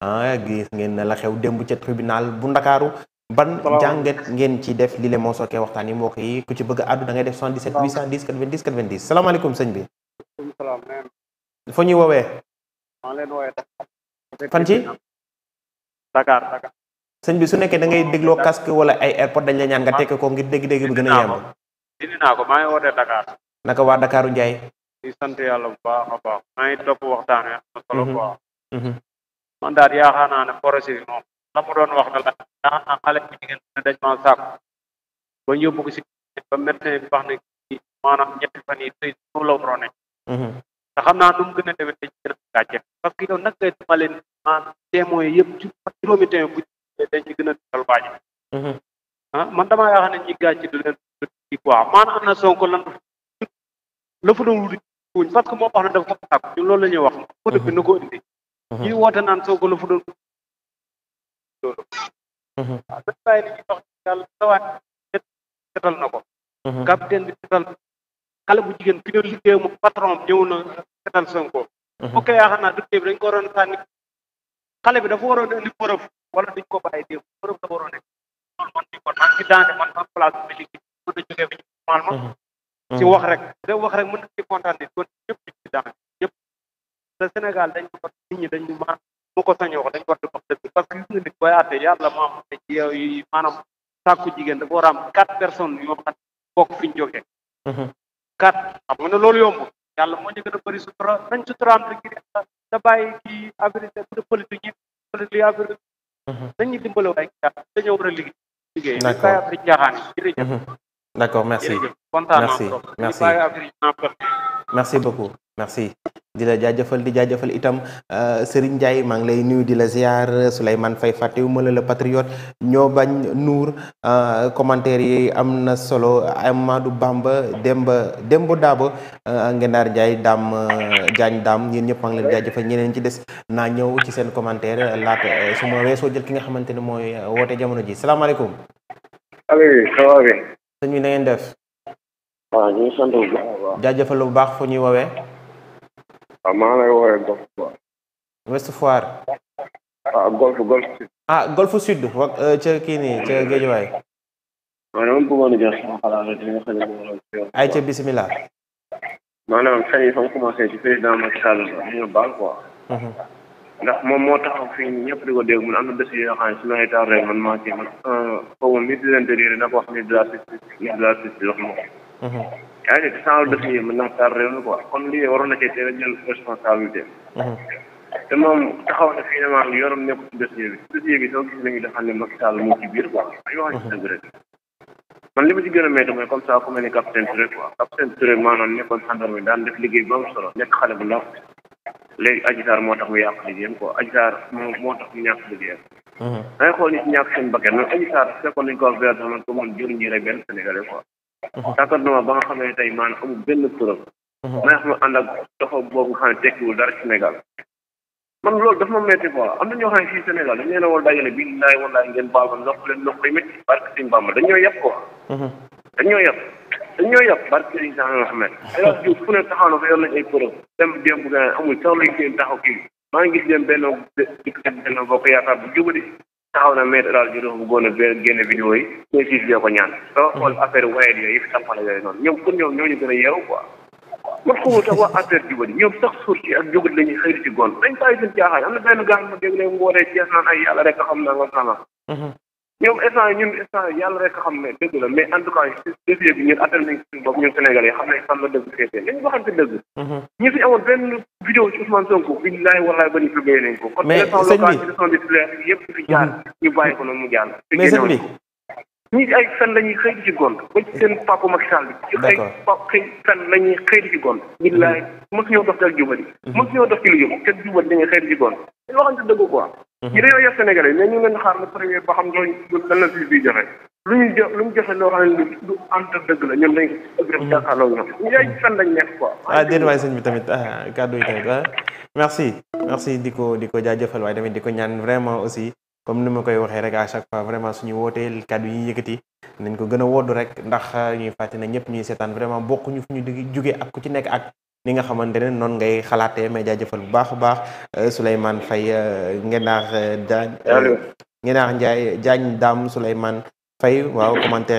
ah gis ngeen ne la xew démb ca tribunal bu ndakaaru ban jàngat ngeen ci def li le moo sookee waxtaan yi mbokk yi ku ci bëgg a àddu da ngay def 77 810 90 90 salaamaaleykum sëñ bi fa ñuy woowee fan ci Dakar sëñ bi su nekkee da ngay dégloo casque wala ay airport dañ la ñaan nga tekk ko ngir dégg-dégg bi gën a yemb dindi naa ko waa Dakaru Njaay sant yàlla bu baax a man daal yaakaar naa ne projet bi moom la mu doon wax na la yaakaar naa xale bu jigéen ne dañ maa sàkku ba yóbbu ko si ba médecin bi wax ne mhm. mu gën a demee parce que yow nag ngay dama leen maanaam témoin yëpp juróomi témoin bu dañ ci gën a dugal mhm. ah, man damaa yaakaar ñi gàcce du leen di quoi maanaam am la fa doon wuti wuñ parce que moo wax ne dafa ko sàkku ñun loolu la ñuy wax ko mhm. dëpp na ko indi ñuy uh-huh. woote naan soo uh-huh. ko la fu doon loolu waaw dañ bàyyi bu jigéen fi doon liggéey mu patron ñëw na setal Sonko uh-huh. ok yaa xam naa du bi dañ ko waroon sànni xale bi dafa waroon indi bërëb wala duñ ko bàyyi démb bërëb la di kon mën da wax rek kontaan ni Sénégal dañ ko koy àtte yàlla moo am te ci yow yi maanaam sàkku jigéen dafa war a am quatre personnes yoo xam bokk fi ñu jógee mhm. quatre xam nga ne loolu yomb yàlla moo ñu gën a bëri sutura nañ suturaam te ngir yàlla da bàyyi kii affaire de politique yi politique affaire dañuy mhm. dimbale waaye yàlla dañoo war a liggéey liggéey dañ bàyyi affaire yi caaxaan yi jërëjëf mhm. d'accord merci merci merci merci beaucoup merci di la jaajëfal di jaajëfal itam euh, Serigne Ndiaye maa ngi lay nuyu di la ziar fay Faye fàttewuma la le patriote ñoo bañ nuur euh, commentaire yi am na solo Amadou Bamba Demba Demba Daaba euh, Ngenaar Ndiaye Dame Diagne daam ñun ñëpp maa ngi leen jaajëfal ñeneen ci des naa ñëw ci seen commentaire laata su ma jël ki nga xamante ne mooy woote jamono ji salaamaaleykum. Aliou ça va bien. sëñ na ngeen def. waaw ah, ñu bu baax. jaajëfal ñuy woowee. waaw maa ngi lay woowee Golf Foire. Ouest Foire. ah Golf Golf Sud. ah Golf Sud wa euh, ca kii nii ca Géejawaay. maanaam bëggoon na jox sama xalaat rek li nga xam ne moom la ñu. ay ca mu commencé ci président mhm. ndax moom moo taxaw fii ñëpp di ko dégg mun am na décision yoo xam su ma état rek man maa man xaw euh, ma ministre de l'intérieur dina ko wax ministre de la justice ministre de la moom. Mhm. yaa ngi dégg sànq dëkk yi mën naa taal réew mi quoi kon lii waroon na cee a jël responsabilité mhm. te moom taxaw na fii ne maa yorom nekk ci ne Macky Sall moo ci biir quoi dañoo wax ci dëgg rek man ma ci gën a métti mooy comme ça ku mel ni def liggéey bu am solo xale bu ndaw léegi Adji Sarr moo tax mu yàq liggéeyam quoi Adji Sarr moo moo tax mu ñàkk liggéeyam mhm. dangay xool ni ci ñàkk seen bakkan mais Adji Sarr fekkoon nañu ko wax bi nga xamante ne moom rek benn Sénégalais quoi Mhm. tàggatuma ba nga xamee ne tey maanaam amul benn turam. may xam ne ànd ak doxam boobu nga xam ne tekkiwul dara Sénégal. man loolu dafa ma métti quoi am na ñoo xam ne fii Sénégal dañu leen a war a dajale bii laay walaay ngeen baal ma ndox leen ndox koy métti barke Sëñ Bamba dañu ñoo yàpp quoi. Mhm. dañu ñoo yàpp dañu ñoo yàpp barke Sëñ Saalum Ahmed. El Hadj Diouf fu ne taxaw na fa yor nañ ay preuve dem démb gën amul sax lañ seen taxaw kii maa ngi gis leen benn dikk benn bokk yaakaar bu jubadi taxaw na maître El Hadj Diouf bu góor na génne vidéo yi insister bi ko ñaan. dafa hmm. xool affaire wayet yooyu yëpp tampale yooyu noonu ñoom pour ñoom ñoo ñu a yeewu quoi. man xamul sax waa affaire jubali ñoom sax suur ci ak jógut la ñuy xëy ci gon dañ bàyyi seen rek a xam na nga sama. ñoom instant yi ñun instant yi yàlla rek xam ne dëgg la mais en tout cas dossier bi ñun attan nañ suñu bopp ñun Sénégal yi xam nañ fan la dëgg féetee nañu dëgg mhm. ñu fi amoon benn vidéo ci Ousmane Sonko billahi wallahi ba ñu publié nañ ko kon élection locale élection de titulaire yëpp fi jaar mhm. ay fen lañuy seen lañuy xëy di ci gont billahi mhm. mosu ñoo dox ci ak jubali mosu ñoo dox ci lu jub dañuy xëy di ci gont dañ waxante dëgg quoi ñu dañoo yor Sénégalais mais ñu lu ñu jo lu mu joxe loo xam ne lu lu ante dëgg la ñoom dañ ko ëgg mhm. jàkkaarloo ah déet waay sëñ bi ah, tamit ah merci merci di ko di ko jaajëfal waaye tamit di ko ñaan vraiment aussi comme ni ma koy waxee rek a chaque fois vraiment suñu wooteel kàddu yi yëkkati nañ ko gën woddu rek ndax ah, ñuy fàtte na ñëpp ñuy seetaan vraiment bokkuñu fu ñu di jugee ak ku ci nekk ak ni nga xamante ne noonu ngay xalaatee may jaajëfal bu baax a baax euh, Souleymane Faye euh, Ngenaar Diagne euh, Ngenaar Ndiaye Diagne Dame Souleymane Faye waaw commentaire